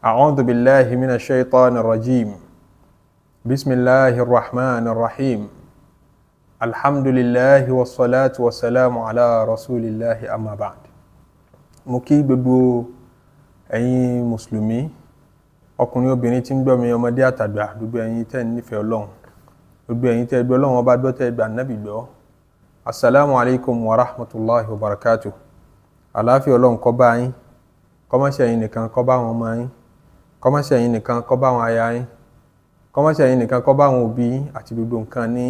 أعوذ بالله من الشيطان الرجيم بسم الله الرحمن الرحيم الحمد لله والصلاة والسلام على رسول الله أما بعد mo kí gbogbo ẹ̀yin mùsùlùmí ọkùnrin obìnrin tí ń gbọ́ mi ọmọdé àtàgbà gbogbo ẹ̀yin tẹ́ ń nífẹ̀ẹ́ ọlọ́run gbogbo ẹ̀yin tẹ́ gbọ́ ọlọ́run ọba gbọ́ tẹ́ gbà nábì gbọ́ asalaamu alaykum wa rahmatulahi wa barakatu àlàáfíà ọlọ́run kó bá yín kó má nìkan kó bá wọn ọmọ yín kọ́mọ́sí ẹ̀yin nìkan kọ́ bá àwọn aya yín kọ́mọ́sí ẹ̀yin nìkan kọ́ bá àwọn òbí yín àti gbogbo nǹkan ní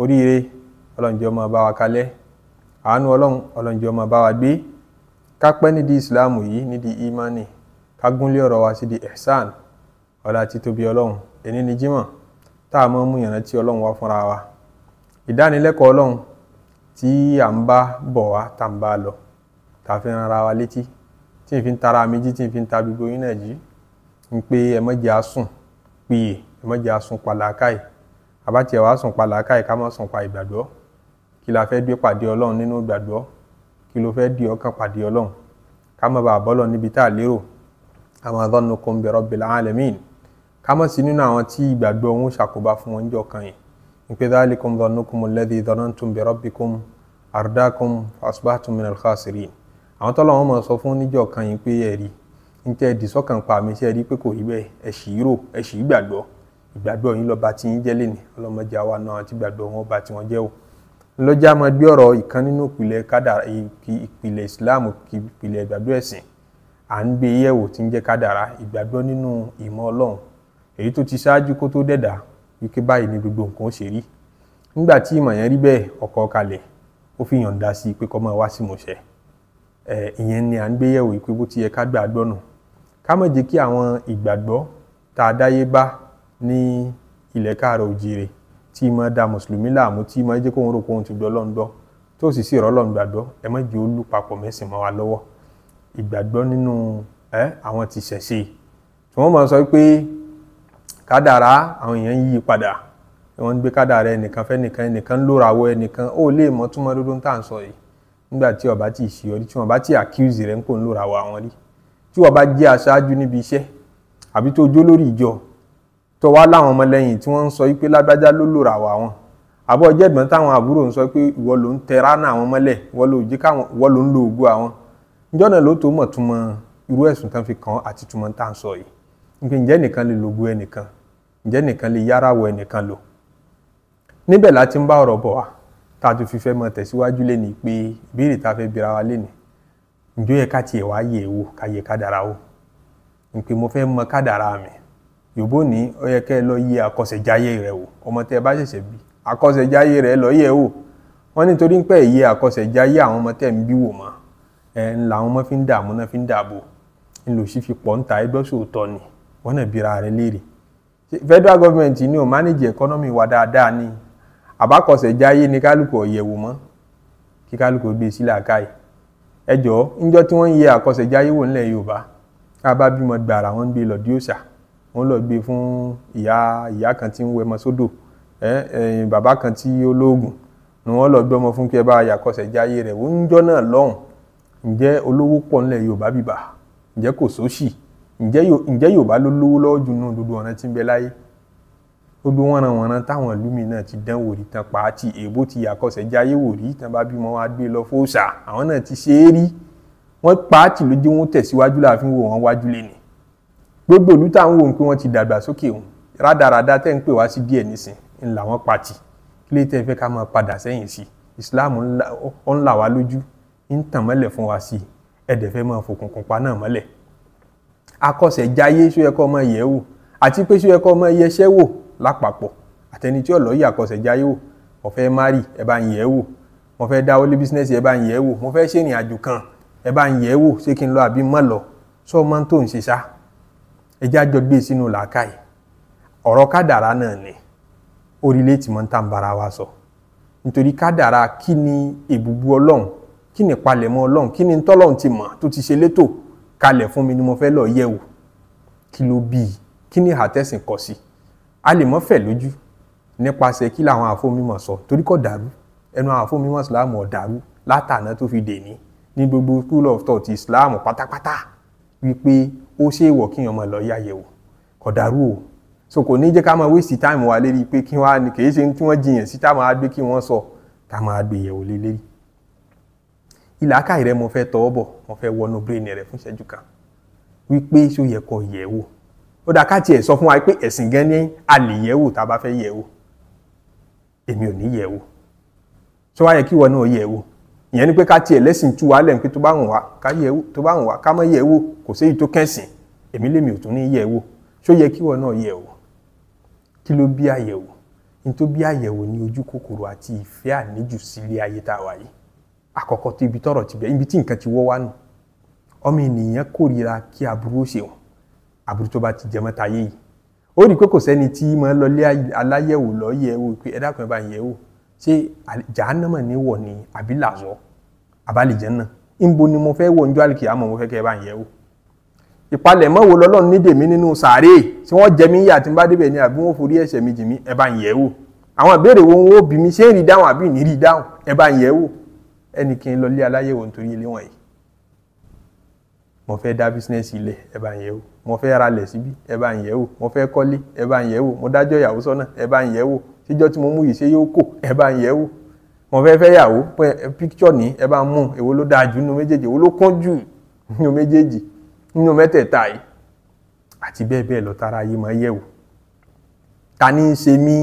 oríire ọlọ́njẹ́ ọmọ bá wa kalẹ̀ àánú ọlọ́run ọlọ́njẹ́ ọmọ bá wa gbé kápẹ́ nídìí ìsìláàmù yìí nídìí ìmánì kágúnlé ọ̀rọ̀ wa sí di ihsan ọlá títóbi ọlọ́run ẹni ní jímọ̀ tá a mọ́ mú ìrántí ọlọ́run wá fúnra wa ìdánilẹ́kọ̀ọ́ ọlọ́run tí à ń bá bọ̀ wá tá à ń bá lọ tá a fi ran ara wa létí tí n fi ń tara mi jí tí n fi ń ta gbogbo yín náà jí ní pé ẹ má jẹ́ àsùn pìyè ẹ má jẹ́ àsùn pàlàkàì àbátìẹ̀ wàá sùn pàlàkàì ká má sùn pa ìgbàgbọ́ kí la fẹ́ dé pàdé ọlọ́run nínú ìgbàgbọ́ kí ló fẹ́ di ọkàn pàdé ọlọ́run ká má bàa bọ́lọ̀ níbi tá a lérò àwọn adọ́nukùn bi rabbil alamin ká má sí nínú àwọn tí ìgbàgbọ́ wọn ṣàkóbá fún wọn jọ kàn yìí ní pé dhalikum dhannukum alladhi dhanantum bi rabbikum ardakum asbahtum minal khasirin àwọn tọ́lọ́ wọn mọ̀ sọ fún níjọ́ kan yìí pé ẹ̀rí n tẹ́ di sọ́kàn pa mi ṣe rí pé kò rí bẹ́ẹ̀ ẹ ṣì í rò ẹ ṣì í gbàgbọ́ ìgbàgbọ́ yín lọ́ba tí yín jẹ́ lẹ́nìí ọlọ́mọdé àwa náà ti gbàgbọ́ wọn ọba tí wọ́n jẹ́ o ńlọ́jà máa gbé ọ̀rọ̀ ìkan nínú ìpìlẹ̀ kádàrá ìpìlẹ̀ Islam ìpìlẹ̀ ìgbàgbọ́ ẹ̀sìn à ń gbé yẹ̀wò tí ń jẹ́ kádàrá ìgbàgbọ́ nínú ìmọ̀ Ọlọ́run èyí tó ti ṣáájú kó tó dẹ̀dá wípé báyìí ni gbogbo nǹkan ó ṣe rí nígbà tí ìmọ̀ yẹn rí bẹ́ẹ̀ ọkọ̀ kalẹ̀ ó fi yọ̀ǹda sí i pé kó máa wá sí ìmúṣẹ ìyẹn ni à ń gbéyẹ̀wò pé bó ti yẹ ká gbàgbọ́ nù ká má jẹ́ kí àwọn ìgbàgbọ́ tá a dáyé bá ní ilẹ̀ káàrọ̀ òjìrè tí mọ́ da mùsùlùmí láàmú tí mọ́ jẹ́ kóun rò kóun ti gbọ́ lọ́ńdọ́ tó sì sí ìrọ́lọ́ gbàgbọ́ ẹ má jẹ́ ó lù papọ̀ mẹ́sìn mọ́ wa lọ́wọ́ ìgbàgbọ́ nínú ẹ àwọn ti ṣẹ̀ṣe tí wọ́n máa sọ pé kádàrá àwọn èèyàn yí padà wọ́n ń gbé kádàrá ẹnìkan fẹ́ nìkan ẹnìkan lórawọ́ ẹnìkan ó lè mọ́ túmọ̀ dúdú ń tà ń sọ yìí nígbà tí ọba ti ṣe ọ tí wọn bá ti accuse rẹ ń pò ń lòra wa wọn rí tí wọn bá jẹ aṣáájú níbi iṣẹ́ àbí tó jó lórí ìjọ tó wá láwọn ọmọlẹ́yìn tí wọ́n ń sọ pé lágbájá ló lòra wa wọn àbọ̀ jẹ́gbọ́n táwọn àbúrò ń sọ pé ìwọ ló ń tẹra náà àwọn mọ́lẹ̀ ìwọ ló jẹ́ káwọn ìwọ ló ń lo ògùn àwọn níjọ́ náà ló tó mọ̀ irú ẹ̀sùn tán fi kàn án àti túmọ̀ tá à ń sọ yìí nípa ǹjẹ́ nìkan lè lògùn ẹnìkan ǹjẹ́ nìkan lè yára wọ ẹnìkan lò níbẹ̀ láti ń bá ọ̀rọ̀ bọ̀ wá tá a fi fẹ́ mọ tẹ̀síwájú lénìí pé ìbéèrè tá fẹ́ bira wa lénìí ǹjọ́ yẹ ká tiẹ̀ wá yẹ̀ wò ká yẹ̀ kádàrá wò ní pé mo fẹ́ mọ kádàrá mi yòbó ní ó yẹ kẹ́ ẹ lọ yẹ̀ àkọsẹ̀jáyé rẹ wò ọmọ tẹ́ ẹ bá ṣẹ̀ṣẹ̀ bí àkọsẹ̀jáyé rẹ lọ yẹ̀ wò wọ́n nítorí pé ẹ̀yẹ àkọsẹ̀jáyé àwọn ọmọ tẹ́ ń bí wò mọ́ ẹ̀ ń làwọn ọmọ fi ń dààmú náà fi ń dààbò ń lò sí fi pọ̀ ń ta ẹgbẹ́ sòótọ́ ni wọ́n náà bira rẹ léèrè federal government ni ò manage economy wa dáadáa ni àbákọsẹ̀ jáyé ni kálukú ọ̀yẹ̀wò mọ́ kí kálukú gbé sílẹ̀ àkáì ẹ jọ̀ọ́ níjọ́ tí wọ́n ń yẹ àkọsẹ̀ jáyé wò nílẹ̀ Yorùbá ká bá bímọ gbàrà wọ́n ń gbé lọ dí òòṣà wọ́n lọ gbé fún ìyá ìyá kan tí ń wẹmọ sódò bàbá kan tí ó lóògùn ni wọ́n lọ gbọ́mọ fún kí ẹ bá yàkọsẹ̀ jáyé rẹ̀ wọ́n ń náà lọ́hùn ǹjẹ́ olówó pọ̀ nílẹ̀ Yorùbá bíbà ǹjẹ́ kò sóṣì ǹjẹ́ Yorùbá ló lówó lọ́wọ́ jù nù gbogbo ọ̀nà tí ń bẹ láyé gbogbo wọn ràn wọn ràn táwọn ìlú mi náà ti dán wò rí tán pàátì èèbó ti àkọsẹ̀ jáyé wò rí tán bá bímọ wá gbé lọ fóòsà àwọn náà ti ṣe é rí wọn pàátì lójú wọn tẹ̀síwájú láàfin wò wọn wájú lé ni gbogbo ìlú táwọn wò ń pé wọn ti dàgbà sókè òun rádaràda tẹ́ ń pè wá sí díẹ̀ nísìn ń là wọ́n pàtì kí lè tẹ́ fẹ́ ká máa padà sẹ́yìn sí Islam ó ń là wá lójú ń tàn mọ́lẹ̀ fún wa sí ẹ̀dẹ̀ fẹ́ máa fòkùnkùn pa náà mọ́lẹ̀ akọ̀sẹ̀ jáyé ṣó yẹ kọ́ ọmọ yẹ̀ wò àti pé lápapọ̀ àtẹni tí ọ̀lọ́ yìí àkọsẹ̀ jáyé wò mo fẹ́ mari ẹ bá ń yẹ̀ wò mo fẹ́ dáwọ́ lé bísínẹ́sì ẹ bá ń yẹ̀ wò mo fẹ́ ṣèrìn àjò kan ẹ bá ń yẹ̀ wò ṣé kí n lọ àbí mọ̀ lọ sọ ma ń tó ń ṣe sá ẹ já jọ gbé e sínú làákàyè ọ̀rọ̀ kádàrá náà ni orílẹ̀ tí mo ń tà ń bara wa sọ nítorí kádàrá kí ni èbùbù ọlọ́run kí ni palẹ̀mọ́ ọlọ́run kí ni tọ́lọ́run ti mọ̀ tó ti ṣe létò kalẹ̀ fún mi ni mo fẹ́ lọ yẹ̀ wò kí ló bí kí ni àtẹ̀sìn kọ̀ sí i a lè mọ́ fẹ̀ lójú nípasẹ̀ kí làwọn àfọmímọ̀ sọ torí kò dàrú ẹnu àwọn àfọmímọ̀ islam ò dàrú látàná tó fi dèní ní gbogbo school of thought islam pátápátá wípé ó ṣe wọ̀ kí èèyàn máa lọ yàyẹ̀wò kò dàrú o so kò ní jẹ́ ká máa waste time wa lérí pé kí wọ́n á ní kèé ṣe tí wọ́n jiyàn sí tá máa gbé kí wọ́n sọ ká máa gbé yẹ̀wò lélérí ìlàkàì rẹ mo fẹ́ tọ́ ọ bọ̀ mo fẹ́ wọnú brain rẹ fún ìṣẹ́jú kan wípé ṣó yẹ kó yẹ̀wò ó dá káàtì ẹ̀ sọ fún wa pé ẹ̀sìn gan ni a lè yẹ̀ wò tá a bá fẹ́ yẹ̀ wò èmi ò ní yẹ̀ wò tó wá yẹ kí ìwọ náà yẹ̀ wò ìyẹn ni pé káàtì ẹ̀ lẹ́sìn tú wa lẹ́nu pé tó bá wùn wá ká yẹ̀ wò tó bá wùn wá ká má yẹ̀ wò kò séyìí tó kẹ́sìn èmi lèmi ò tún ní yẹ̀ wò yẹ kí ìwọ náà yẹ̀ kí ló bí àyẹ̀wò ní tó bí àyẹ̀wò ní ojú kòkòrò àti ìfẹ́ àníjù sílé ayé tá a wà àkọ́kọ́ tó ibi tọ́rọ̀ ti bẹ̀ ibi tí nǹkan ti wọ́ wá ọmọ ènìyàn kórìíra kí aburú ṣe wọn àbúrò tó bá ti jẹmọ́ táyé yìí ó rí i pé kò sẹ́ni tí mo lọ lé aláyẹ̀wò lọ́yẹ̀ wò pé ẹ dákun ẹ bá yẹ̀ wò ṣé jahannama ni wọ̀ ni àbí làzọ́ àbálìjẹ́ náà ńbo ni mo fẹ́ wọ̀ njọ́ àlìkì àmọ́ mo fẹ́ kẹ́ ẹ bá yẹ̀ wò ìpalẹ̀mọ́ wo lọ́lọ́run ní dèmí nínú sàárè tí wọ́n jẹ mí yà tí n bá débẹ̀ ni àbí wọ́n forí ẹ̀ṣẹ̀ mi jì mí ẹ bá ń àwọn ìbéèrè wo ń bí mi ṣé ń rí dáhùn àbí ìní rí dáhùn ẹ bá ń ẹnì kí n aláyẹ̀wò nítorí ilé wọ̀nyí mo fẹ́ dá bísínẹ́sì ilẹ̀ ẹ bá ń yẹ̀ wò mo fẹ́ ralẹ̀ síbí ẹ bá ń yẹ̀ wò mo fẹ́ kọ́lé ẹ bá ń yẹ̀ wò mo dájọ́ ìyàwó sọ́nà ẹ bá ń yẹ̀ wò síjọ́ tí mo mú yìí ṣe yóò kò ẹ bá ń yẹ̀ wò mo fẹ́ fẹ́ yàwó pé píkítsọ̀ ní ẹ bá ń mú èwo ló dáa jù nínú méjèèjì èwo ló kún jù nínú méjèèjì nínú mẹ́tẹ̀ẹ̀ta yìí àti bẹ́ẹ̀ bẹ́ẹ̀ lọ tara yìí máa yẹ̀ wò ta ni ń ṣe mí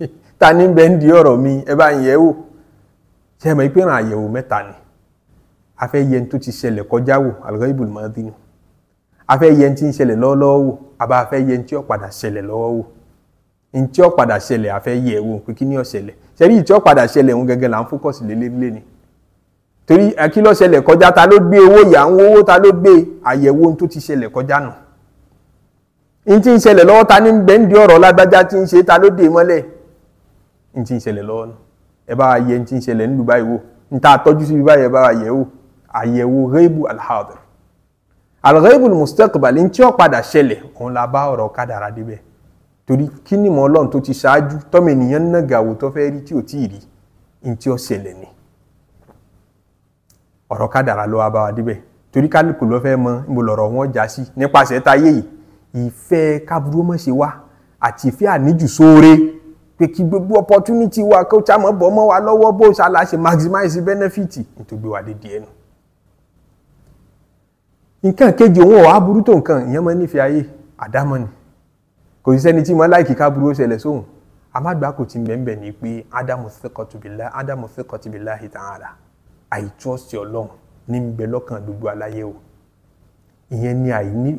ta ni ń bẹ ń di ọ̀rọ̀ mi ẹ bá ń yẹ̀ wò ṣe é mọ̀ pé ràn àyẹ̀wò mẹ́ta ni a fẹ́ yẹn tó ti ṣẹlẹ̀ kọjá wò al-ghaibul a fẹ́ yẹn tí ń ṣẹlẹ̀ lọ́wọ́lọ́wọ́ wò àbá a fẹ́ yẹn tí ó padà ṣẹlẹ̀ lọ́wọ́ wò n tí ó padà ṣẹlẹ̀ a fẹ́ yẹ wò pé kí ni ó ṣẹlẹ̀ ó padà ṣẹlẹ̀ gẹ́gẹ́ là ń lé ni torí kí ló ṣẹlẹ̀ gbé owó yà ń ta ló gbé àyẹ̀wò tó ti ṣẹlẹ̀ kọjá nù tí ń ṣẹlẹ̀ lọ́wọ́ ta àyẹ̀wò gẹ́ẹ̀bù alhadir algẹ́ẹ̀bù mustaqbal ní tí ó padà ṣẹlẹ̀ òun la bá ọ̀rọ̀ kádàrá débẹ̀ torí kí ni mọ̀ ọlọ́run tó ti ṣáájú tọ́mọ ènìyàn náà gàwó tó fẹ́ rí tí ò tí ì rí ní tí ó ṣẹlẹ̀ ni ọ̀rọ̀ kádàrá ló wá bá wa débẹ̀ torí kálukú ló fẹ́ mọ níbo lọ̀rọ̀ wọn já sí nípasẹ̀ táyé yìí ìfẹ́ káburú mọ̀ ṣe wá àti ìfẹ́ àníjù sóore pé kí gbogbo opportunity wa kó tá mọ̀ bọ́ mọ́ wa lọ́wọ́ bó ṣàlàṣe maximize benefit nítorí gbé wa dé díẹ̀ nǹkan kejì òun ọ̀há burú tó nǹkan ìyẹn máa nífẹ̀ẹ́ ayé àdámọ́ ni kò sí sẹ́ni tí mo láìkí ká burú ó ṣẹlẹ̀ sóhun àmàgbà kò ti bẹ̀ẹ̀bẹ̀ ni pé ádámù fẹ́kọ̀tìbìlá ádámù fẹ́kọ̀tìbìlá ìtàhàrà àìtúọ̀sì ọlọ́run ní ń bẹ lọ́kàn gbogbo aláyé o ìyẹn ni àìní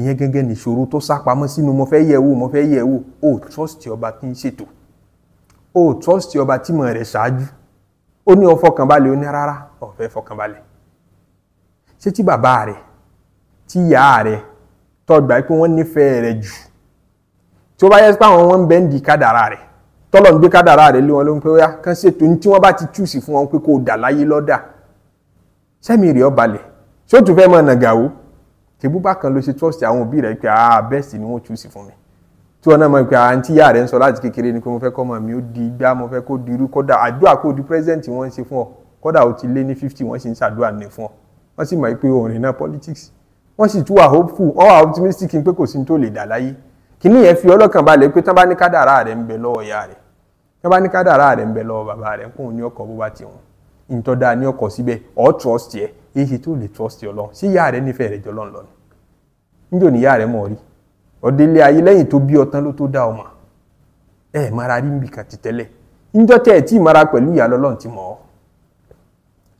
ìyẹn gẹ́gẹ́ ni ìṣòro tó sápamọ́ sínú mo fẹ́ yẹ̀ wò mo fẹ́ yẹ̀ wò o trust ọba tí ń ṣètò o trust ọba tí mọ̀ rẹ̀ ṣáájú ó ní ọfọkànbalẹ̀ ó ní rárá ọ̀fẹ́ fọkànbalẹ̀ ṣé tí bàbá rẹ̀ tí ìyá rẹ̀ tó gbà pé wọ́n nífẹ̀ẹ́ rẹ̀ jù tí ó bá yẹ pé àwọn wọn ń bẹ́ ń di kádàrá rẹ̀ tọ́lọ̀ ń gbé kádàrá rẹ̀ lé wọn ló ń pẹ́ wá kán ṣètò ní tí wọ́n bá ti túùsì fún wọn pé kó o dà láyé lọ́dà sẹ́mi rẹ̀ ọ balẹ̀ ṣé o tún fẹ́ máa nàgàwó tèbú bá kan ló ṣe trust àwọn òbí rẹ̀ pé ah best ni wọ́n túùsì fún mi tí wọn náà mọ̀ pé àwọn ah, tí ìyá ń sọ láti kékeré ni pé mo fẹ́ kọ́ ọmọ mi ó di igbá mo fẹ́ kó di irú kódà àdúrà kó di president wọ́n ń ṣe fún ọ kódà ó ti lé ní fifty wọ́n sì ń ṣàdúrà ní fún ọ wọ́n sì mọ̀ pé òrìn náà politics wọ́n sì tún wà hopeful wọ́n wà optimistic pé kò sí ní tó lè dà láyé kìíní yẹn fi ọlọ́kàn balẹ̀ pé tán bá ní kádàrá rẹ̀ ń bẹ lọ́wọ́ ìyá rẹ̀ tán bá ní kádàrá rẹ̀ ń bẹ lọ́wọ́ bàbá rẹ̀ kóun ní ọkọ̀ bó bá ti wọn ìtọ́ ní ọkọ̀ síbẹ̀ ọ̀ trust yẹ èyí ṣe tó lè trust yọ lọ sí ìyá rẹ̀ nífẹ̀ẹ́ rẹ̀ jọ lọ́n lọ́ni níjò ní ìyá rẹ̀ mọ̀ rí ọ̀dẹ́lẹ̀ ayé lẹ́yìn tó bí ọtán ló tó dá ọmọ ẹ̀ mara rí nbì kan ti tẹ́lẹ̀ níjọ́ tẹ́ ẹ̀ tí ìmara pẹ̀lú ìyá lọ́lọ́run ti mọ̀ ọ́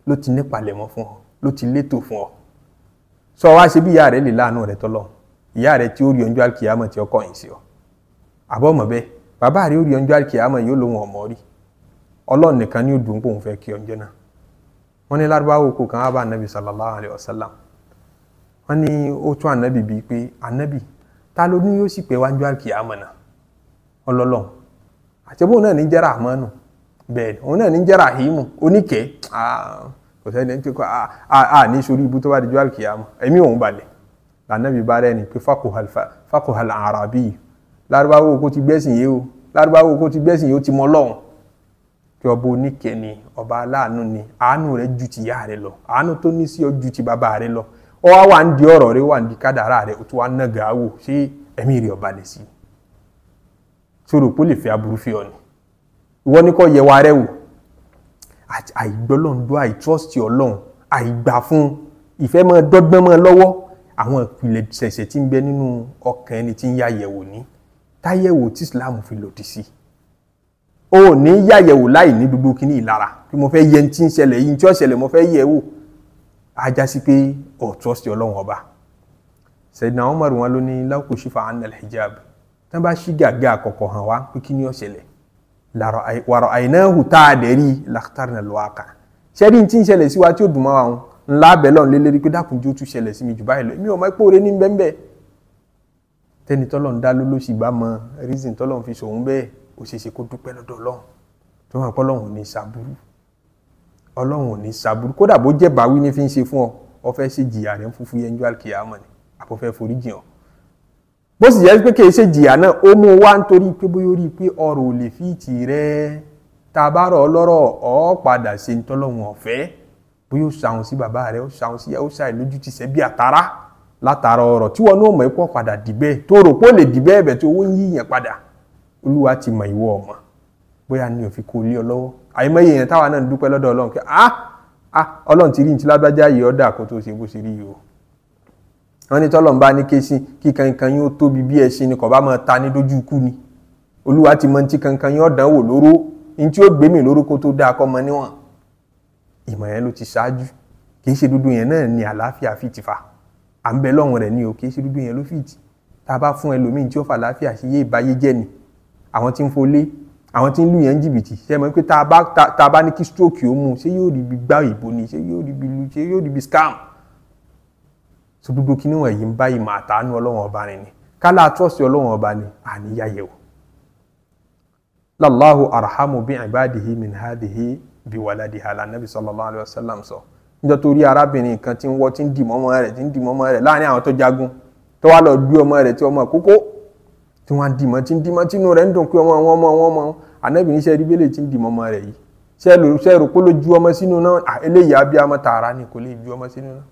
ló ti nípalẹ̀mọ́ fún ọ ló ti létò fún ọ sọ wá ṣe bí ìyá rẹ lè láàánú rẹ tọlọ ìyá rẹ tí ó rí ọjọ́ àkìyàmọ tí ọkọ yìí sí ọ àbọmọ bẹ́ẹ̀ bàbá rẹ ó rí ọjọ́ àkìyàmọ yóò lóhun ọmọ rí Ọlọ́run nìkan ní òdùn pòun fẹ́ kí ọjọ́ náà wọn ní lárúbáwò kò kàn á bá anabi sallallahu alayhi wa sallam wọn ní ó tún anabi bíi pé anabi ta ló ní yóò sì pé wájú àkìyàmọ náà ọlọlọrun àtẹ̀bọ́n náà ní jẹ́rà àmọ́nù bẹ́ẹ̀ òun náà ní jẹ́rà àhímù oníkẹ́ ah, kò sẹ́ni pé kọ́ a ah, ah, ah, ní sori ibu tó bá di ju alikiyama ẹ̀mí òun balẹ̀ lànàbí bá rẹ̀ ni pé fakohal arabi lárúbáwò kó ti gbẹ́sìn yìí o lárúbáwò kó ti gbẹ́sìn yìí o ti mọ lọ́hùn kí ọba oníkẹ́ ni ọba aláàánú ni àánú rẹ̀ ju ti ìyá rẹ̀ lọ àánú tó ní sí ọ ju ti bàbá rẹ̀ lọ ọ wá wà ń di ọ̀rọ̀ rẹ̀ wà ń di kádàrá rẹ̀ o tún wá nàgà wò ṣé ẹ̀mí rẹ̀ ọba lè sí sọ̀rọ̀ pé ó lè fi aburú fi ọ ni ìwọ ni kò yẹ wa rẹ wò àìgbọ́lọ́ndọ́ àìtrọ́sì ọlọ́run àìgbà fún ìfẹ́ mọ́ dọ́gbọ́n mọ́ lọ́wọ́ àwọn ìpìlẹ̀ ṣẹ̀ṣẹ̀ tí ń bẹ nínú ọkàn ẹni tí ń yàyẹ̀wò ní táyẹ̀wò tí Islam fi lòdì sí o ò ní yàyẹ̀wò láì ní gbogbo kíní ìlara pé mo fẹ́ yẹ ní tí ń ṣẹlẹ̀ yìí ní tí ó ṣẹlẹ̀ mo fẹ́ yẹ̀ wò á já sí pé ọ̀trọ́sì ọlọ́run ọba Sayyidina Umar wọn ló ní láwùkọ́ ṣífà anil hijab tí wọ́n bá ṣí gàgà àkọ́kọ́ hàn wá pé kíní ó ṣẹlẹ̀ wàrọ̀ àìnáhù tá a dẹ̀ rí làkítàrí nà lọ́wọ́ kà ṣẹ́rí tí ń ṣẹlẹ̀ sí wa tí ó dùn mọ́ wa ńlá abẹ́ lọ́n lélẹ́rí pé dákun tí ó tún ṣẹlẹ̀ sí mi jù báyìí lọ èmi ò mọ̀ pé oore ní bẹ́ẹ̀ tẹ́ni tọ́lọ̀ da dá ló ló sì bá mọ reason tọ́lọ̀ ń fi ṣòun bẹ́ẹ̀ ó ṣe ṣe kó dúpẹ́ lọ́dọ̀ ọlọ́run tó hàn pé ọlọ́run ò ní ṣàbúrú ọlọ́run ò ní kódà bó jẹ́ báwí ní fi ń fún ọ ọ fẹ́ jìyà rẹ̀ fúnfún yẹn ju àkìyà ni àbọ̀fẹ́ foríjì hàn bó sì jẹ́ pé kìí ṣe jìyà náà ó mú wá nítorí pé bóyá ó rí i pé ọrọ̀ ò lè fi tì rẹ tá a bá rọ̀ ọlọ́rọ̀ ọ́ padà ṣe ń tọ́lọ́hún ọ̀fẹ́ bóyá ó ṣàwọn sí bàbá rẹ ó ṣàwọn sí ó ṣàì lójú ti ṣẹ́ àtàrà látara ọ̀rọ̀ tí wọn náà mọ̀ ẹ́ padà dìbẹ́ tó rò pé ó lè dìbẹ́ ẹ̀bẹ̀ tí owó ń yíyàn padà olúwa ti mọ̀ ìwọ ọ̀mọ̀ bóyá ni òfin kò lé ọ lọ́wọ́ àìmọye èèyàn táwa náà ń dúpẹ́ lọ́dọ̀ ọlọ́run ah ah ọlọ́run ti rí ní ti lágbájá yìí ọ̀dà kó tó ṣe bó ṣe rí yìí o wọ́n ní tọ́lọ̀ ń bá ní kéṣin kí kankan yóò tóbi bí ẹṣin ni kò bá máa ta ní dojú ikú ni olúwa ti mọ ní ti kankan yóò dán wò lóró ní tí ó gbé mi lóró kó tó dáa kọ́ mọ níwọ̀n ìmọ̀ yẹn ló ti ṣáájú kì í ṣe dúdú yẹn náà ni àlàáfíà fi ti fa à ń bẹ lọ́wọ́n rẹ̀ ni o kì í ṣe dúdú yẹn ló fi ti tá a bá fún ẹlòmíín tí ó fa àlàáfíà ṣe yé ìbáyé jẹ́ ni àwọn tí ń folé àwọn tí ń lù yẹn ń jìbìtì ṣe mọ̀ pé tá a bá ní kí stroke ó mú ṣé yóò rí bí gbá ìbò ni ṣé yóò rí bí lu ṣé yóò rí bí scam so gbogbo kí ni wọn yìí ń bá ìmọ̀ àtàánú ọlọ́run ọba rìn ni kálá àtúọ̀sí ọlọ́run ọba ni àníyá yẹ o. lallahu arhamu bi ibadihi min hadihi bi waladiha la nabi sallallahu alayhi wa sallam sọ níjọ́ tó rí arábìnrin kan tí ń wọ́ tí ń dì mọ́mọ́ rẹ̀ tí ń dì mọ́mọ́ rẹ̀ láàrin àwọn tó jagun tó wá lọ gbé ọmọ rẹ̀ tí ọmọ kókó tí wọ́n á dì ń dì mọ́ tínú rẹ̀ ń dùn pé ọmọ wọn mọ́ wọn mọ́ ànábì níṣẹ́ rí bẹ́lẹ̀ ń dì mọ́mọ́ rẹ̀ yìí ṣe é rò pé ló ju ọmọ sínú náà eléyìí abiyamọ tààrà ni kò lè ju ọmọ sínú náà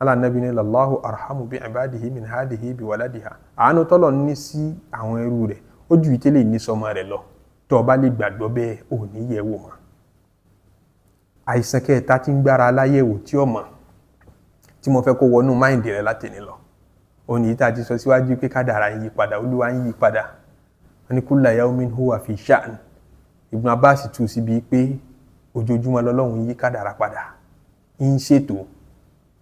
ala nabi ni lallahu arhamu bi ibadihi min hadihi bi waladiha àánú tọ́lọ̀ ní sí àwọn ẹrú rẹ̀ ó ju ìtẹ́lẹ̀ ní sọmọ rẹ̀ lọ tó o bá lè gbàgbọ́ bẹ́ẹ̀ ò ní yẹ̀ wò mọ́ àìsàn kẹta tí ń gbára aláyẹ̀wò tí ó mọ̀ tí mo fẹ́ kó wọnú máìndì rẹ̀ látẹ̀ni lọ òun yìí tá a ti sọ síwájú pé kádàrá ń yí padà olúwa ń yí padà wọn ní kulla yawmin huwa fi sha'n Ibn Abbas tù síbi pé ojoojúmọ́ lọ́lọ́run yí kádàrá padà ń ṣètò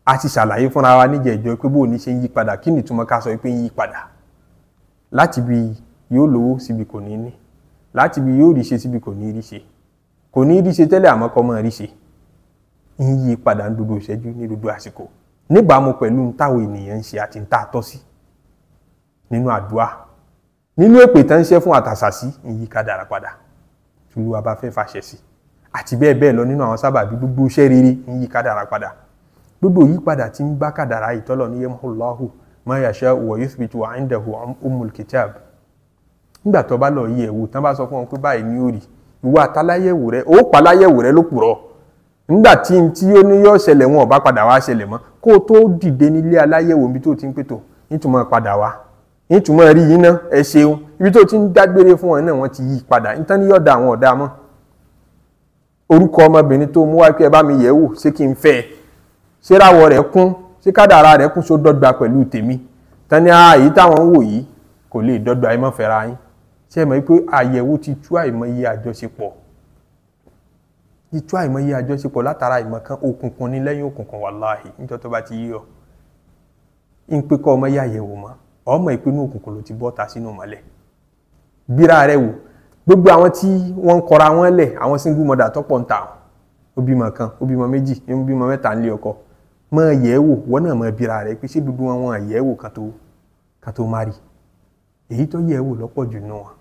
a ti ṣàlàyé fúnra wa níjẹ̀jọ́ pé bóun ní ṣe ń yí padà kí ni ìtumọ̀ ká sọ pé ń yí padà láti bí yóò lówó síbi kò ní ní láti bí yóò rí ṣe síbi kò ní rí ṣe kò ní rí ṣe tẹ́lẹ̀ àmọ́ kọ́ mọ́ rí ṣe ń yí padà ń dodo ìṣẹ́jú ní dodo àsìkò níbàámu pẹ̀lú táwọn ènìyàn ń ṣe àti ń tà tọ́ sí nínú àdúrà nínú èpè tán ń ṣe fún àtàṣà sí ń yí kádàrá padà tùlù abáfẹ́ fàṣẹ sí àti bẹ́ẹ̀ bẹ́ẹ̀ lọ nínú àwọn sábàbí gbogbo iṣẹ́ rere ń yí kádàrá padà gbogbo ìyípadà tí ń bá kádàrá ìtọ́lọ̀ ní yamhullahu ma yasha wa yuthbitu wa indahu ummul kitab nígbà tó bá lọ yí wò tán bá sọ fún wọn pé báyìí ní òrì ìwọ àtàláyẹ̀wò rẹ ó paláyẹ̀wò rẹ ló purọ́ nígbà tí n tí ó ní yóò ṣẹlẹ̀ wọn ò padà wá ṣẹlẹ̀ mọ́ kó o tó dìde nílé aláyẹ̀wò ibi tó ti ń pètò nítumọ̀ padà wá nítumọ̀ rí yín náà ẹ ṣeun ibi tó ti ń dágbére fún wọn náà wọ́n ti yí padà nítorí ní yọ̀ọ̀dà àwọn ọ̀dà mọ́ orúkọ ọmọbìnrin tó mú wá pé ẹ bá mi yẹ̀ wò ṣé kí n fẹ́ ẹ ṣérawọ rẹ̀ kún ṣé kádàrá rẹ̀ kún ṣó dọ́gba pẹ̀lú tèmi tani ààyè ah, táwọn ń wò yìí kò lè dọ́gba ẹ má fẹ́ra yín ṣé ẹ mọ̀ pé àyẹ̀wò ti tú àìmọye àjọṣepọ̀ ti tú àìmọye àjọṣepọ̀ látara ìmọ̀kan òkùnkùn ní lẹ́yìn òkùnkùn wàláhì níjọ́ tó bá ti yí ọ ń pé kọ́ ọmọ yá àyẹ̀wò mọ́ ọmọ ìpinnu òkùnkùn ló ti bọ́ ta sínú mọ́lẹ̀ gbéra rẹ wò gbogbo àwọn tí wọ́n kọra wọn lẹ̀ àwọn single mother tọ́pọ̀ ń ta ó bímọ kan ó bímọ méjì ó bímọ mẹ́ta ń lé ọkọ mọ yẹ̀wò wọn náà mọ bira rẹ pé ṣé dúdú wọn wọn yẹ̀wò kan tó kan tó mari èyí tó yẹ̀wò lọ́pọ̀ jù nù wọn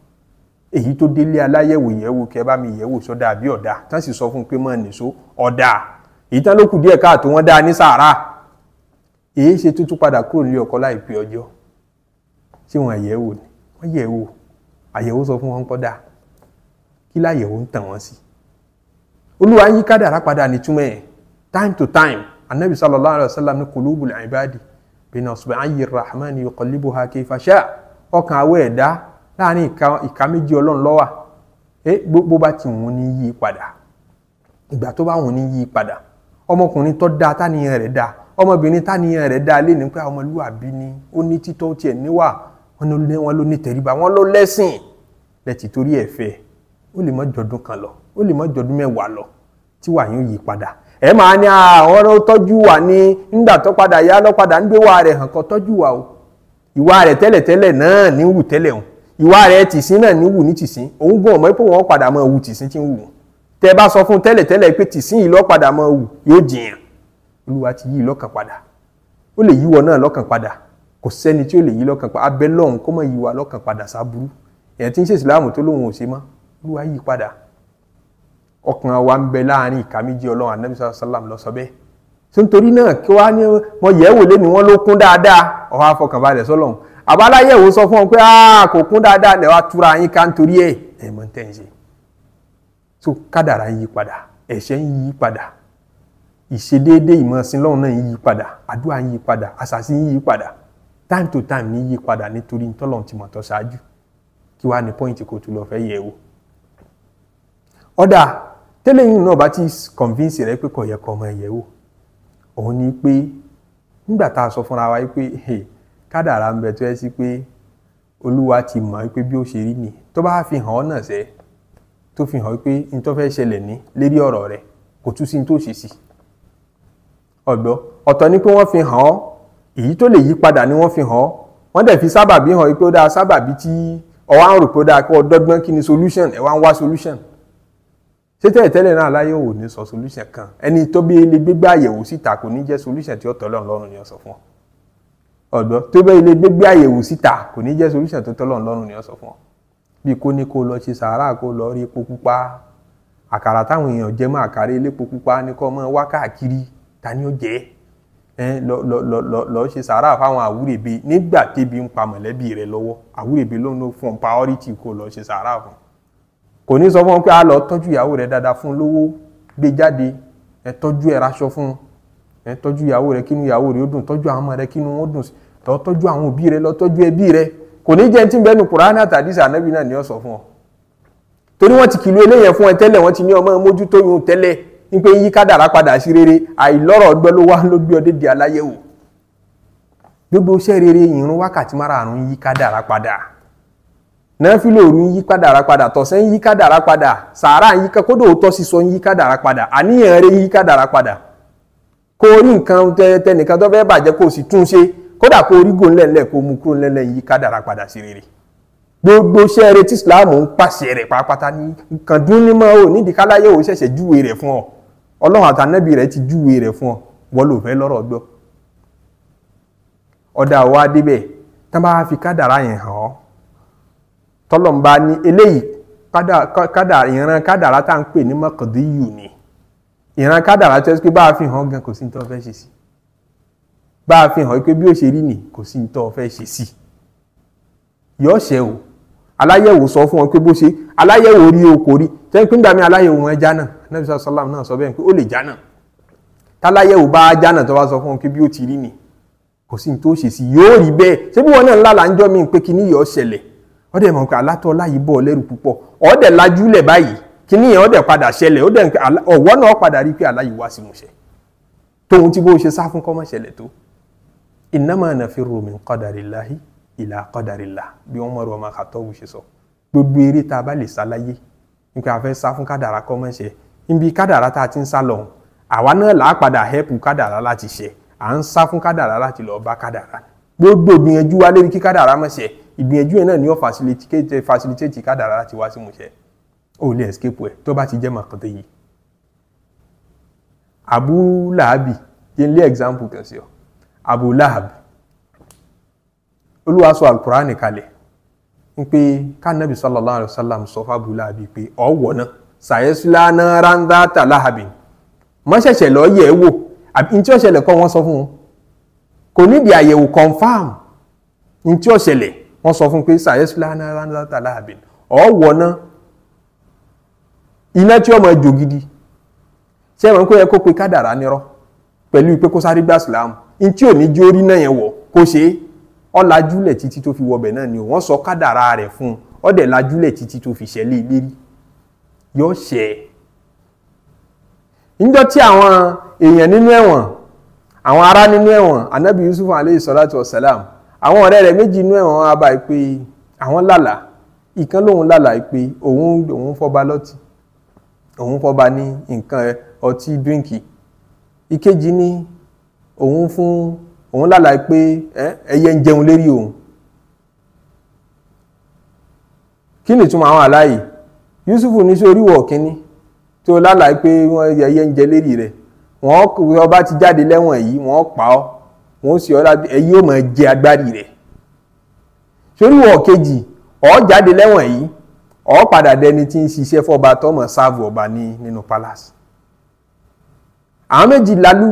èyí tó délé aláyẹ̀wò yẹ̀wò kẹ bá mi yẹ̀wò sọ́dà àbí ọ̀dà tán sì sọ fún un pé mọ̀ nìṣó ọ̀dà èyí tán ló kù díẹ̀ káàtó wọn dá ní sàárà èyí ṣe tuntun padà kúrò nílé ọkọ láìpẹ́ ọjọ́ ṣé wọn yẹ̀wò ni wọ́n yẹ̀wò àyẹ̀wò sọ fún wọn pọ́ dáa kí láyẹ̀wò ń tàn wọ́n sí olúwa yí kádàrá padà nítumẹ̀ time to time anabi sallallahu alayhi wa sallam ní kulubul ibadi bẹ́ẹ̀ni ọ̀sùnbẹ̀ ayé rahman yuqallibuha kayfa sha ọkàn awọ ẹ̀dá láàrin ìka méjì ọlọ́run ló wà ẹ bó bá ti wọ́n ní yí padà ìgbà tó bá wọ́n ní yí padà ọmọkùnrin tó dáa táníyàn rẹ̀ dáa ọmọbìnrin táníyàn rẹ̀ dáa lé ní pé ọmọlúwàbí ni ó ní títọ́ tiẹ̀ níwà wọn ló ní tẹríba wọn ló lẹ́sìn lẹ́tì torí ẹ̀fẹ́ ó lè má jọdún kan lọ ó lè má jọdún mẹ́wàá lọ tí wàá yín yí padà E máa ní àwọn ah, ọ̀rọ̀ tọ́jú wà ní nígbà tó padà yá lọ ń gbé wà rẹ̀ hàn kan tọ́jú wà o ìwà rẹ̀ tẹ́lẹ̀tẹ́lẹ̀ náà ní wù tẹ́lẹ̀ o ìwà rẹ̀ tìsín náà ní wù ní tìsín òun pé wọ́n padà wù tìsín tí ń wù tẹ́ bá sọ fún tẹ́lẹ̀tẹ́lẹ̀ pé tìsín yìí wù yóò jìyàn olúwa ti yí lọ́kàn padà ó lè yíwọ náà lọ́kàn padà kò sẹ́ni tí ó lè yí lọ́kàn padà abẹ́ lọ́hùn kó ọkàn wa ń bẹ láàrin ìka méjì ọlọ́run anabi sallallahu alayhi wa sallam lọ sọ bẹ́ẹ̀ tó ń torí náà kí wàá ní mo yẹ̀wò lé mi wọ́n ló kún dáadáa ọ̀hún afọkànbalẹ̀ sọlọ́run àbáláyẹ̀wò sọ fún ọ pé kò kún dáadáa lẹ́wà túra yín ká ń ẹ̀ ẹ̀ mọ̀ ń tẹ̀ ṣe so kádàrá ń yí padà ẹ̀ṣẹ̀ ń yí padà ìṣedéédé ìmọ̀sìn lọ́run náà ń yí padà àdúrà ń yí padà àṣàṣì ń yí padà time to time ní yí padà nítorí ntọ́lọ́run ti mọ̀ tó ṣáájú kí wàá ní pọ́ìntì kò tún lọ fẹ́ yẹ̀ wò ọ̀dà tẹ́lẹ̀ yìí náà bá ti convince rẹ pé kò yẹ kọ́ ọmọ ẹ̀yẹ wò òun ni pé nígbà tá a sọ fúnra wa pé kádàrá ń bẹ tó yẹ sí pé olúwa ti mọ̀ pé bí ó ṣe rí ni tó bá fi hàn ọ́ náà sẹ́ tó fi hàn pé n tó fẹ́ ṣẹlẹ̀ ní lérí ọ̀rọ̀ rẹ kò tún sí n tó ṣe sí ọ̀gbọ́ ọ̀tọ̀ ni pé wọ́n fi hàn ọ́ èyí tó lè yí padà ni wọ́n fi hàn ọ́ wọ́n dẹ̀ fi sábàbí hàn pé ó dáa sábàbí tí ọ̀wá ń rò pé ó dáa kó o dọ́gbọ́n kí ni solution ẹ̀ wá ń wá solution ṣé tẹ́lẹ̀ tẹ́lẹ̀ náà láyé ò ní sọ solution kan ẹni tó bí ilé gbégbé àyẹ̀wò síta kò ní jẹ́ solution tí ó tọ́ lọ́run lọ́rùn ni ó sọ fún ọ ọ̀dọ́ tó bẹ́ ilé gbégbé àyẹ̀wò síta kò ní jẹ́ solution tó tọ́ lọ́run lọ́run ni ó sọ fún ọ bí kò ní kó lọ ṣe sàárà kó lọ rí epo pupa àkàrà táwọn èèyàn jẹ máa kàrí elépo pupa ní kó máa wá káàkiri ta ni ó jẹ́ ẹ lọ lọ lọ lọ lọ ṣe sàárà fáwọn àwúrèbe nígbà tébi ń pa mọ̀lẹ́bí rẹ lọ́wọ́ àwúrèbe ló ń fún priority kó lọ ṣe sàárà fún kò ní sọ fún wọn pé a lọ tọ́jú ìyàwó rẹ̀ dáadáa fún lówó gbé e jáde ẹ tọ́jú ẹ̀ raṣọ fún ẹ tọ́jú ìyàwó rẹ̀ kínú ìyàwó rẹ̀ ó dùn tọ́jú àwọn ọmọ rẹ̀ kínú wọn dùn lọ tọ́jú àwọn òbí rẹ̀ lọ tọ́jú ẹbí rẹ̀ kò ní jẹ́ tí ń bẹ́nu kùránì àtàdísì ànábì náà ni ó sọ fún ọ torí wọ́n ti kìlú eléyẹn fún ẹ tẹ́lẹ̀ wọ́n ti ní ọmọ mójútó yun tẹ́lẹ̀ wípé yí kádàrá padà sí rere àìlọ́rọ̀ ọgbẹ́ ló wá ló gbé ọdẹ di aláyẹ̀wò gbogbo iṣẹ́ rere ìrun wákàtí márààrún yí kádàrá padà náfìlà òru ń yí kádàrá padà tọ̀sẹ̀ ń yí kádàrá padà sàárà ń yí kódò òótọ́ sísọ ń yí kádàrá padà àníyàn rẹ yí kádàrá padà kó o rí nǹkan tẹnìkan tó fẹ́ bàjẹ́ kó o sì tún ṣe kódà kó o rí gò ńlẹ̀ńlẹ̀ kó o mú kúrò ńlẹ̀ńlẹ̀ yí kádàrá padà sí rere gbogbo iṣẹ́ rẹ tí Islam ń pàṣẹ rẹ̀ pàápàá ní nǹkan dún ní mọ́ ò nídìí káláyé ò ṣẹ̀ṣẹ̀ júwe rẹ̀ fún ọ Ọlọ́run tọ́lọ́mbà ní eléyìí kádà ìran kádàrá tá à pè ní mọ́kàndínlù ni ìran kádàrá tó ṣe pé bá a fi hàn gan kò sí ní tó fẹ́ ṣe sí bá a fi hàn pé bí ó ṣe rí ni kò sí ní tó fẹ́ ṣe sí yọ ṣẹ o aláyẹ̀wò sọ fún wọn pé bó ṣe aláyẹ̀wò rí o kò rí tẹ́yìn pé nígbà mi aláyẹ̀wò wọn jánà nàbí sàlám náà sọ bẹ́ẹ̀ pé ó lè jánà táláyẹ̀wò bá jánà tó bá sọ fún wọn pé bí ó ti rí ni kò sí ní tó ṣe sí yóò rí bẹ́ẹ̀ ṣé bí wọn náà ńlá là ń jọ́ mi pé kíní yọ ṣẹlẹ̀ ọ̀dẹ̀ mọ̀ pé alátọ́lá yìí bọ̀ lẹ́rù púpọ̀ ọ̀dẹ̀ lajúlẹ̀ báyìí kíní yẹn ọ̀dẹ̀ padà ṣẹlẹ̀ ọ̀dẹ̀ ọ̀wọ́ náà padà rí pé aláyìí wá sí musẹ̀ tóun tí bó ṣe sá fún kọ́mọ̀ ṣẹlẹ̀ tó innama nafiru min qadarillahi ila qadarillah bí wọ́n mọ̀rọ̀ ọmọ àkàtọ́wù ṣe sọ gbogbo eré tá a bá lè sá láyé nípa àfẹ́ sá fún kádàrá kọ́mọ̀ ṣẹ níbi kádàrá tá a ti ń sá lọ àwa náà là á padà hẹ́pù kádàrá láti ṣẹ à ń sá fún kádàrá láti lọ bá kádàrá gbogbo gbìyànjú wa lérí kí kádàrá mọ̀ ṣẹ ìgbìyànjú ẹ̀ náà ni ó facilitate facilitate kádàrá láti wá sí ìmúṣẹ ó lè escape ẹ̀ tó bá ti jẹ́ mọ̀kàntẹ́ yìí. Abu Lahabi jẹ́ ilé example kan sí ọ Abu Lahab olúwa sọ alukur'an kalẹ̀ ń pé kánàbì sallallahu alayhi wa sallam sọ fún Abu Lahabi pé ọ̀wọ̀ náà sàyẹ́sílánà ráńdátà láhàbì mọ́ṣẹ̀ṣẹ̀ lọ yẹ̀ ẹ́ wò àbí ntí ó ṣẹlẹ̀ kọ́ wọ́n sọ fún un kò nídìí àyẹ̀wò confam ntí ó wọ́n sọ fún pé sàyẹ́sì lánàá láàbìn ọ̀wọ́ náà iná tí ọmọ ẹjọ́ gidi ṣé ẹ̀wọ̀n kó yẹ kó pe kádàrá nírọ́ pẹ̀lú pé kó sáré gbà sílámù ní tí ò ní jí orí náà yẹn wọ̀ kó ṣe é ó lajúlẹ̀ títí tó fi wọbẹ̀ náà ni wọ́n sọ kádàrá rẹ̀ fún un ó dẹ̀ títí tó fi ṣẹlẹ̀ ìlérí yóò ṣẹ níjọ́ tí àwọn èèyàn nínú ẹ̀wọ̀n àwọn ará nínú ẹ̀wọ̀n Ànábì Yusuf alayhi salatu wa salam àwọn ọ̀rẹ́ rẹ̀ méjì inú ẹ̀wọ̀n abá ìpè àwọn lálàá ìkan lòun lálàá ìpè òun òun fọba lọ́tì òun fọba ní nǹkan ọtí díríǹkì ìkejì ní òun fún òun lálàá pé ẹyẹ ń jẹun lérí òun kí ni ìtumọ̀ àwọn àlá yìí Yusuf ní sí oríwọ̀ kínní tó lálàá pé ẹyẹ ń jẹ lérí rẹ̀ wọ́n ọba ti jáde lẹ́wọ̀n yìí wọ́n pa ọ́ wọn ó sì ọ́ lábẹ́ ẹ̀yìn ó máa jẹ agbárí rẹ̀ sórí wọ̀ kejì ọ̀ jáde lẹ́wọ̀n yìí ọ̀ padà dẹni tí ń ṣiṣẹ́ fọba tọmọ sáàvù ọba ní nínú palace àwọn méjì lálú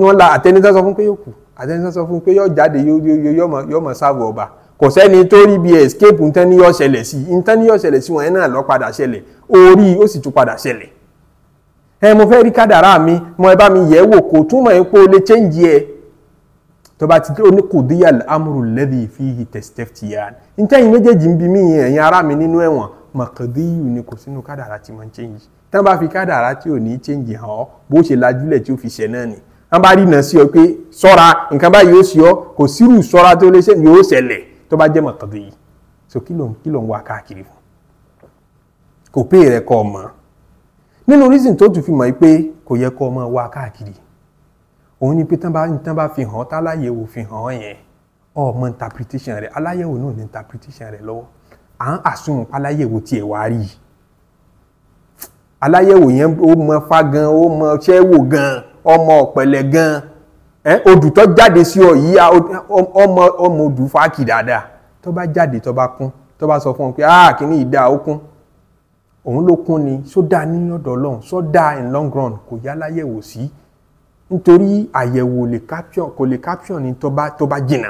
wọn la àtẹnitọ́ sọ fún pé yóò kù àtẹnitọ́ sọ fún pé yóò jáde yóò mọ̀ sáàvù ọba kò sẹ́ni tó rí bí escape ntán ní yọ ṣẹlẹ̀ sí ntán ní yọ ṣẹlẹ̀ sí wọn ẹ̀ náà lọ padà ṣẹlẹ̀ orí ó sì tún padà ṣẹlẹ̀ ẹ mo fẹ́ rí kádàrá mi mo ẹ bá mi yẹ̀ wò kò túmọ̀ ẹ pé o lè change ẹ tó bá ti dé oníkùdíyà amúrù lẹ́dí fíhì tẹ̀sítẹ́fìtìyàn ntẹ́yìn méjèèjì ń bi mí yẹn ẹ̀yin ará mi nínú ẹ̀wọ̀n màkàdíyù ni kò sínú kádàrá tí wọ́n ń chẹ́ǹjì tán bá fi kádàrá tí ò ní chẹ́ǹjì hàn ọ́ bó ṣe lajúlẹ̀ tí ó fi ṣẹ náà ni wọ́n bá rí iná sí ọ pé sọ́ra nǹkan báyìí ó sì ọ́ kò sírù sọ́ra tó lé ṣẹlẹ̀ tó bá jẹ́ màkàdíyù òun ni pé tán bá tán bá fi hàn táláyẹ̀wò fi hàn yẹn ọmọ interpretation rẹ̀ aláyẹ̀wò náà ní interpretation rẹ̀ lọ́wọ́ à ń assume aláyẹ̀wò tiẹ̀ wá rí i aláyẹ̀wò yẹn ó mọ fa gan ó mọ ṣẹ́wò gan ọmọ ọ̀pẹ̀lẹ̀ gan odù jáde sí ọ yìí ọmọ ọmọ odù fáàkì dáadáa tó bá jáde tó bá kún tó bá sọ fún ọ pé ah kìíní ìdá ó kún òun ló kún ni sódà ní ọ̀dọ̀ Ọlọ́run sódà in long run kò yá láyẹ̀wò sí. Si nítorí àyẹ̀wò lè caption kò lè caption ní tó bá tó bá jìnnà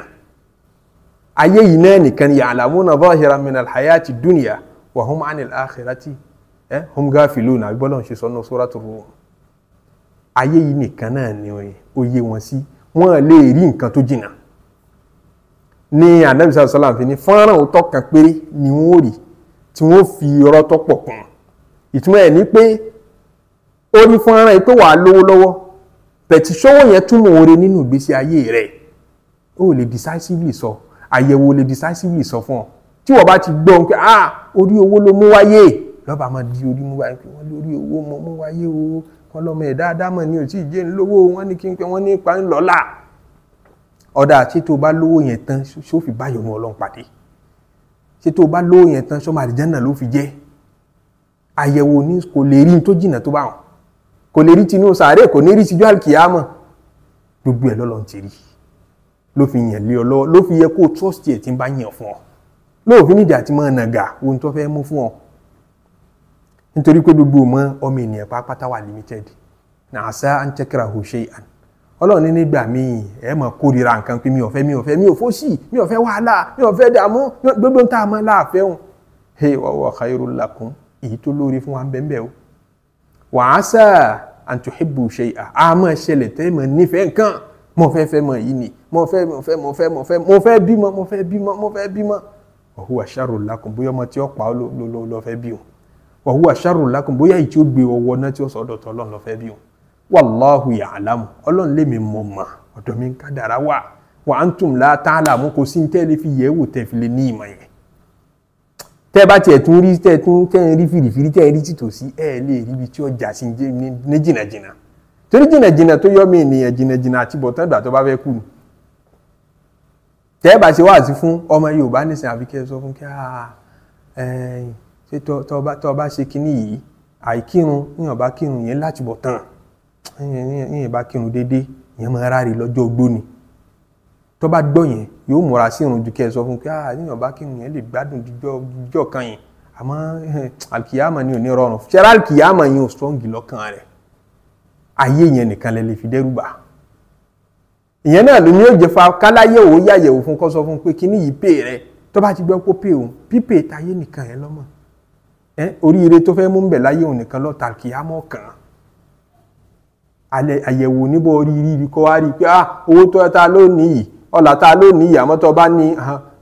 ayé yìí náà nìkan ya'lamuna zahiran min al-hayati dunya wa hum 'ani al-akhirati eh hum ghafilun àbí bọ́lá ń ṣe sọ́nà suratu Rum ayé yìí nìkan náà ni ó yé wọn sí wọn lè rí nǹkan tó jìnnà ní anabi sallam fi ní fọ́nrán òótọ́ kan péré ni wọ́n rí tí wọ́n fi ọ̀rọ̀ tó pọ̀ kùn ìtumọ̀ ẹ̀ ní pé ó rí fọ́nrán yìí pé wàá lówó lọ́wọ́ bẹ̀tì ṣọ́wọ́ yẹn túmọ̀ oore nínú ìgbésí ayé rẹ̀ ó lè decisively sọ àyẹ̀wò lè decisively sọ fún ọ tí wọ́n bá ti gbọ́ pé ah orí owó ló mú wáyé lọ́ba máa di orí mú wáyé pé wọ́n lórí owó mọ́ mú wáyé o wọ́n lọ́mọ ẹ̀ dáadáa mọ̀ ní òtí ìjẹ́ ńlówó wọ́n ní kí n pẹ́ wọ́n ní ipa ńlọ́lá ọ̀dà tí tó bá lówó yẹn tán sófì báyọ̀ mọ́ ọlọ́run pàdé ṣé tó bá lówó yẹn tán sọ́mọ àdìjẹ́ náà ló fi jẹ́ àyẹ̀wò ní kò lè rí ní tó jìnnà tó bá wọn kò lè rí tinú sàárè kò ní rí tijú àlùkìyàmọ̀ gbogbo ẹ̀ lọ́lọ́ ti rí ló fi yàn lé ọ lọ́wọ́ ló fi yẹ kó o trust ẹ̀ tí ń bá yàn fún ọ lóòfin nídìí àti mọ́ nàgà ohun tó fẹ́ mú fún ọ nítorí pé gbogbo mọ́ ọmọ ènìyàn pápátá wà limited na asa ń tẹ́kẹ̀rà hù ṣe àn ọlọ́run ní nígbà míì ẹ mọ̀ kórìíra nǹkan pé mi ò fẹ́ mi ò fẹ́ mi ò fọ́sì mi ò fẹ́ wàhálà mi ò fẹ́ dààmú gbogbo ń tà mọ́ láàfẹ́ hùn hey wàá wà khairu lakum èyí tó lóore fún wa ń bẹ́ẹ̀ bẹ́ẹ̀ o wàásà àtúnṣebù ṣe àmọ́ ṣẹlẹ̀ tẹ́ mọ̀ nífẹ̀ẹ́ nǹkan mo fẹ́ fẹ́ mọ̀ yìí ni mo fẹ́ mo fẹ́ mo fẹ́ mo fẹ́ mo fẹ́ bímọ mo fẹ́ bímọ mo fẹ́ bímọ wàhùwà ṣàrò lakùn bóyá ọmọ tí ó pa ó ló lọ fẹ́ bí o wàhùwà ṣàrò lakùn bóyá èyí tí ó gbé ọwọ́ náà tí ó sọ ọ̀dọ̀ tọ́lọ́run lọ fẹ́ bí o wàláhù yàlámù ọlọ́run lèmi mọ̀ mọ̀ ọ̀dọ̀ mi ń kádàrá wà wà á tẹ́ bá tiẹ̀ tún rí tẹ́ tún tẹ́ ń rí fìrìfìrì tẹ́ ń rí títòsí ẹ̀ lè rí ibi tí ọjà sí ní jìnnàjìnnà torí jìnnàjìnnà tó yọ mí ènìyàn jìnnàjìnnà àti bọ̀tán ìgbà tó bá fẹ́ kú ni tẹ́ bá ṣe wáàsí fún ọmọ Yorùbá nísìnyí àfi kẹ́ ẹ sọ fún kí ah, ṣe tọ́ bá ṣe kinní yìí àìkírun yìnyín ọba kírun yẹn láti bọ̀tán yìnyín bá kírun déédéé yẹn máa ráre lọ́jọ́ ogbó tó bá gbọ́ yẹn yóò múra sí irun ju kẹ́ ẹ sọ fún pé ah níyàn bá kírun yẹn lè gbádùn jíjọ́ jíjọ́ kan yẹn àmọ́ alkiyama ni ò ní rọrùn ṣẹ́rá alkiyama yẹn ò strong lọ́kàn rẹ̀ ayé yẹn nìkan lè lè fi dẹ́rù bà ìyẹn náà ló ní yóò jẹ́ fa káláyẹ̀wò yàyẹ̀wò fún kọ́ sọ fún pé kíní yìí pè rẹ tó bá ti gbọ́ pé pè òun pípè táyé nìkan yẹn lọ́mọ oríire tó fẹ́ mú bẹ̀ láyé òun nìkan lọ́ta alkiyama ọ̀kan àyẹ̀wò níbo orí kọ́ wá rí pé ah, owó tó ta lónìí yìí ọlà tá a ló ní ìyàmọ́ tó bá ní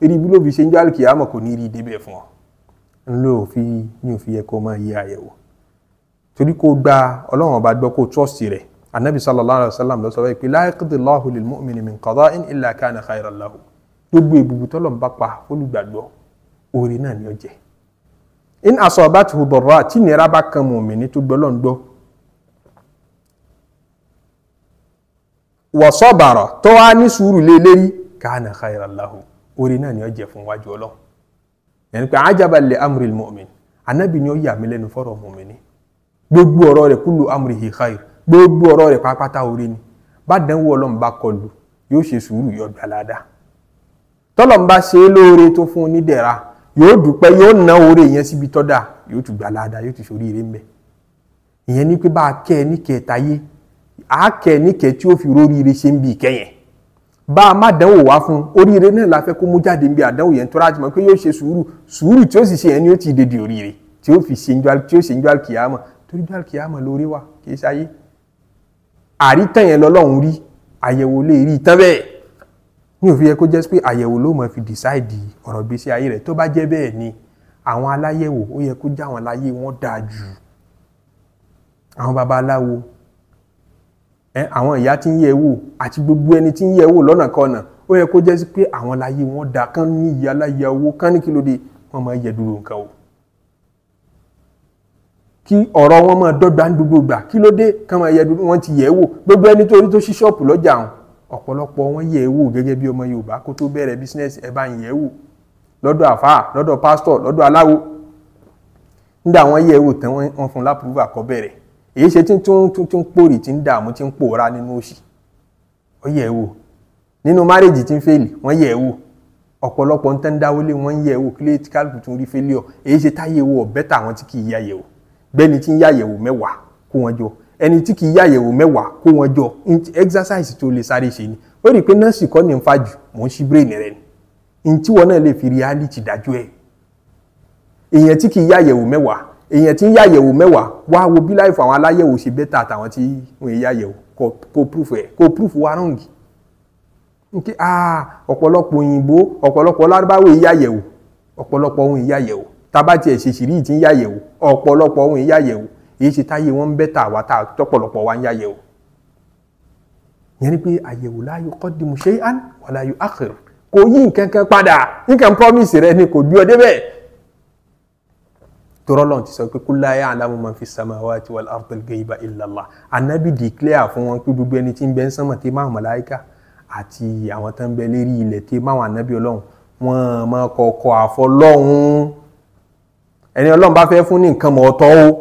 eré ibú ló fi ṣe ń jáàlì kìyàmọ̀ kò ní rí débẹ̀ fún ọ ńlọ òfin ní òfin yẹ kó máa yẹ àyẹ̀wò torí kó gba ọlọ́run ọba gbọ́ kó trust rẹ̀ anabi sallallahu alayhi wa sallam lọ sọ wáyé pé la yaqdi Allahu lil mu'mini min qada'in illa kana khayran lahu gbogbo ìbùbù tọ́lọ̀ ń bá pa olùgbàgbọ́ oore náà ni ó jẹ́ in asabatuhu darra tí nira bá kan mọ̀mìnì tó gbọ́ lọ́n gbọ́ wa sabara tó wá ní sùúrù lé lérí kana khayran lahu orí náà ni ó jẹ́ fún wájú ọlọ́run yẹn pé ajaba li amril mu'min anabi ni ó yà mí lẹ́nu fọ́rọ̀ mu'mini gbogbo ọ̀rọ̀ rẹ̀ kullu amrihi khayr gbogbo ọ̀rọ̀ rẹ̀ pápátá orí ni bá dánwò ọlọ́run bá kọlù yóò ṣe sùúrù yóò gbalada tọ́lọ́run bá ṣe lóore tó fún onídẹ̀ra yóò dúpẹ́ yóò ná oore yẹn síbi tọ́da yóò tún gbalada yóò tún ṣoríire ń bẹ̀ ìyẹn ni pé bá a kẹ́ ẹ ní kẹta yé àákẹ́ níkẹ́ tí ó fi róríire ṣe ń bi ìkẹyẹn bá a má dánwò wá fún oríire náà la fẹ́ kó mú jáde níbi àdánwò yẹn tó rájì mọ́ pé yóò ṣe sùúrù sùúrù tí ó sì ṣe yẹn ni ó ti dèdè oríire tí ó fi ṣe tí ó ṣe ń jọ àlùkìyàmọ̀ torí jọ àlùkìyàmọ̀ lórí wa kì í ṣayé àrítàn yẹn lọ́lọ́run rí àyẹ̀wò lè rí tán bẹ́ẹ̀ ní òfin yẹ kó jẹ́ pé àyẹ̀wò ló máa fi dìsáìdì ọ̀rọ̀ gbèsè ayé rẹ̀ tó bá jẹ́ bẹ́ẹ̀ ni àwọn aláyẹ̀wò ó yẹ kó já àwọn aláyé wọn dáa jù àwọn babaláwo àwọn ìyá tí ń yẹ wò àti gbogbo ẹni tí ń yẹ wò lọ́nà kọ́nà ó yẹ kó jẹ́ sí pé àwọn láyé wọn da kán ní ìyá láyé owó kán ní kí ló dé wọ́n máa yẹ dúró nǹkan o kí ọ̀rọ̀ wọn máa dọ́gba ní gbogbo gbà kí ló dé kán máa yẹ dúró wọ́n ti yẹ̀ wò gbogbo ẹni tó rí tó ṣí ṣọ́ọ̀pù lọ́jà àwọn ọ̀pọ̀lọpọ̀ wọn yẹ̀ wò gẹ́gẹ́ bí ọmọ Yorùbá kó tó bẹ̀rẹ̀ bísínẹ́sì ẹ̀ èyí ṣe tí ń tún tún pòrì tí ń dààmú tí ń pòórá nínú òṣì wọ́n yẹ̀ wò nínú márèjì tí ń fèlì wọ́n yẹ̀ wò ọ̀pọ̀lọpọ̀ ń tán dáwọ́lé wọ́n ń yẹ̀ wò kílẹ̀tì kálukú tún rí fẹ́líọ̀ èyí ṣe táyẹ̀wò ọ̀bẹ́ tàwọn tí kì í yàyẹ̀wò bẹ́ẹ̀ni tí ń yàyẹ̀wò mẹ́wàá kó wọn jọ ẹni tí kì í yàyẹ̀wò mẹ́wàá kó wọn jọ exercise tó lè sáré ṣe ni ó rí i pé nọ́ọ̀sì kọ́ ni ń fa jù mò ń ṣí brain rẹ ni ntí wọn náà lè fi reality dájú ẹ̀ èèyàn tí kì í yàyẹ̀wò mẹ́wàá èèyàn tí ń yàyẹ̀wò mẹ́wàá wá wo bí láìfọ àwọn aláyẹ̀wò ṣe bẹ́tà àtàwọn tí wọ́n ń yàyẹ̀wò kò proof ẹ̀ kò proof wa rọ̀ǹgì nke ah ọ̀pọ̀lọpọ̀ òyìnbó ọ̀pọ̀lọpọ̀ lárúbáwò ń yàyẹ̀wò ọ̀pọ̀lọpọ̀ ohun ìyàyẹ̀wò tábà tiẹ̀ ṣe ṣìírí tí ń yàyẹ̀wò ọ̀pọ̀lọpọ̀ ohun ìyàyẹ̀wò èyí ṣe táyé wọn ń bẹ́tà wá tá tọ́pọ̀lọpọ̀ wa ń yàyẹ̀wò yẹn ni pé àyẹ̀wò la yuqaddimu shay'an wala yu'akhir kò yí nǹkan kan padà nǹkan promise rẹ ni kò gbé ọ débẹ̀ tọrọlọ́n ti sọ pé kúlá yà àlámù máa fi samawati wal ardil gaiba illallah anabi declare fún wọn pé gbogbo ẹni tí ń bẹ ń sánmà tí máa màláíkà àti àwọn tó ń bẹ lérí ilẹ̀ tí máa wà anabi ọlọ́run wọn máa kọ̀ọ̀kọ̀ àfọlọ́hún ẹni ọlọ́run bá fẹ́ fún ní nǹkan mọ̀ ọ̀tọ̀ o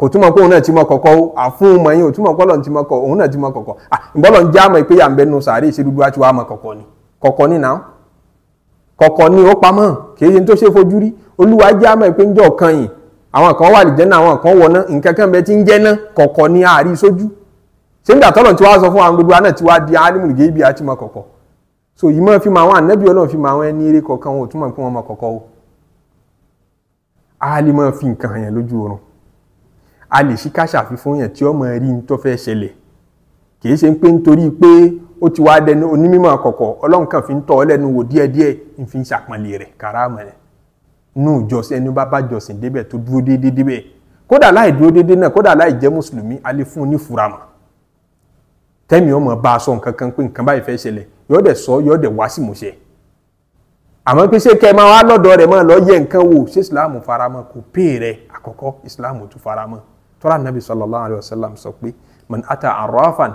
kò túmọ̀ pé òun náà ti mọ kọ̀kọ́ o àfún mọ̀ yín ò túmọ̀ pé ọlọ́run ti mọ kọ̀ òun náà ti mọ kọ̀kọ́ ìbọ́lọ̀ ń já pé yà ń bẹnu sàárè ìṣèdúdú àti wàá mọ kọ̀kọ́ ni kọ̀kọ́ ni náà kọ̀kọ́ ni ó pamọ́ kì tó ṣe fojú rí olúwa já pé ń jọ kan yìí àwọn kan wà lìjẹ́ náà àwọn kan wọná nǹkan kan bẹ ti ń jẹ́ náà kọ̀kọ̀ ni àárí sójú ṣé nígbà tọ́lọ̀ tí wàá sọ fún àwọn gbogbo àná tí di alimul ibi àti mọ so yìí máa fi mọ àwọn ànábì Ọlọ́run fi mọ àwọn ẹni eré kọ̀ọ̀kan wọ́n o a lè máa fi nǹkan yẹn lójú oorun a lè ṣí káṣà fífún yẹn tí ó rí ní tó fẹ́ ṣẹlẹ̀ kì í ṣe pé nítorí pé ó ti wá fi ń tọ́ ọ lẹ́nu wò díẹ̀díẹ̀ ń fi ń nù jọsìn ẹni bá bá jọsìn débẹ̀ tó dúró déédéé débẹ̀ kódà láì dúró déédéé náà kódà láì jẹ́ mùsùlùmí a lè fún un ní furama tẹ́mi ọmọ bá a sọ nǹkan kan pé nǹkan báyìí fẹ́ ṣẹlẹ̀ yóò dẹ̀ sọ yóò dẹ̀ wá sí ìmúṣẹ àmọ́ pé ṣé kẹ́ ẹ máa wá lọ́dọ̀ rẹ̀ máa lọ yẹ nǹkan wò ṣé ìsìláàmù faramọ́ kò pè rẹ̀ àkọ́kọ́ ìsìláàmù tún faramọ́ tọ́lá nàbì sallallahu alayhi wa sallam sọ pé man ata arrafan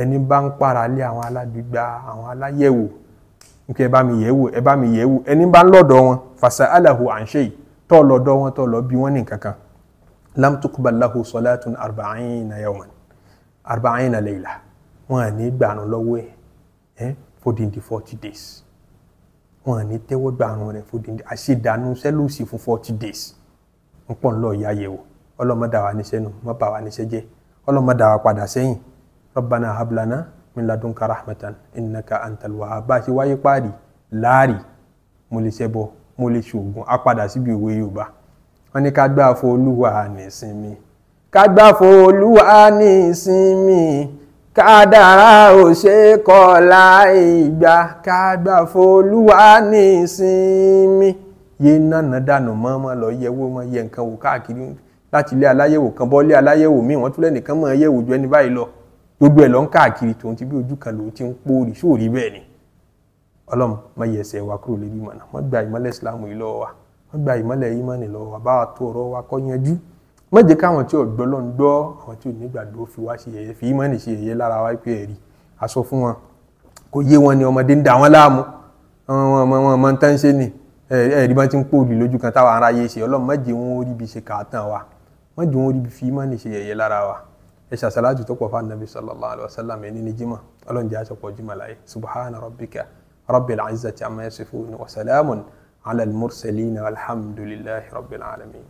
ẹni bá ń para àwọn aládùúgbà àwọn aláyẹ̀wò nkẹ ẹ bá mi yẹ̀ wò ẹ bá mi yẹ̀ wò ẹni bá ń lọ́dọ̀ wọn fàṣà alahu àǹṣe yìí tọ́ lọ́dọ̀ wọn tọ́ lọ bí wọ́n ní kankan lam tuqbal lahu salatun arba'ina yawman arba'ina layla wọn à ní gbàánu lọ́wọ́ ẹ̀ fódìndì forty days wọn à ní tẹ́wọ́ gbàánu rẹ̀ fódìndì àṣedànù sẹ́lùsì fún forty days ń pọ̀ ń lọ ìyá yẹ̀wò ọlọ́mọdà wa níṣẹ́ nù mọ́ níṣẹ́ jẹ́ ọlọ́mọdà padà sẹ́yìn rabbana hablana min ladunka rahmatan innaka antal wahhab bá a ṣe wáyé páàdì láàrì mo lè ṣẹbọ mo lè ṣoògùn á padà síbi òwe yorùbá wọn ní ká gbá fún olúwa ní ìsinmi ká gbá fún olúwa ní ìsinmi kádàrá ò ṣe kọ láì gbà ká gbá fún olúwa ní yé nànà dànù mọ́mọ́ lọ yẹwò mọ́ yẹ nǹkan wò káàkiri láti ilé aláyẹ̀wò kan bọ́ ilé aláyẹ̀wò míì wọ́n tún lẹ́nìkan mọ̀ ẹ́ yẹ̀wò ju ẹni báyìí lọ gbogbo ẹ̀ lọ ń káàkiri tòun ti bí ojú kan lòun ti ń pòórì sóòrí bẹ́ẹ̀ ni ọlọ́run má yẹ ẹsẹ̀ wa kúrò lórí ìmọ̀nà má gba ìmọ̀lẹ̀ ìsìláàmù yìí lọ́wọ́ wa má gba ìmọ̀lẹ̀ ìmọ̀nì lọ́wọ́ wa bá wa tó ọ̀rọ̀ wa kọ́ yanjú má jẹ́ káwọn tí ọ̀gbọ́ lọ́n gbọ́ àwọn tí ò nígbàgbọ́ fi wá ṣe yẹ̀yẹ́ fi ìmọ̀nì ṣe yẹ̀yẹ́ lára wa pé ẹ̀rí aṣọ fún wọn kò yé wọn ni ọmọdé ń da wọn láàmú wọn ọmọ tán ṣe ni ẹ̀rí bá ti ń pòlì lójú kan táwọn aráyé ṣe ọlọ́run má jẹ́ wọn ó ríbi ṣe kàátàn wa má jẹ́ wọn ó ríbi fi ìmọ̀nì ṣe yẹ̀yẹ́ lára wa يشا صلاة تقوى فان النبي صلى الله عليه وسلم يعني نجمة ألون جاء تقوى جملة سبحان ربك رب العزة عما يصفون وسلام على المرسلين والحمد لله رب العالمين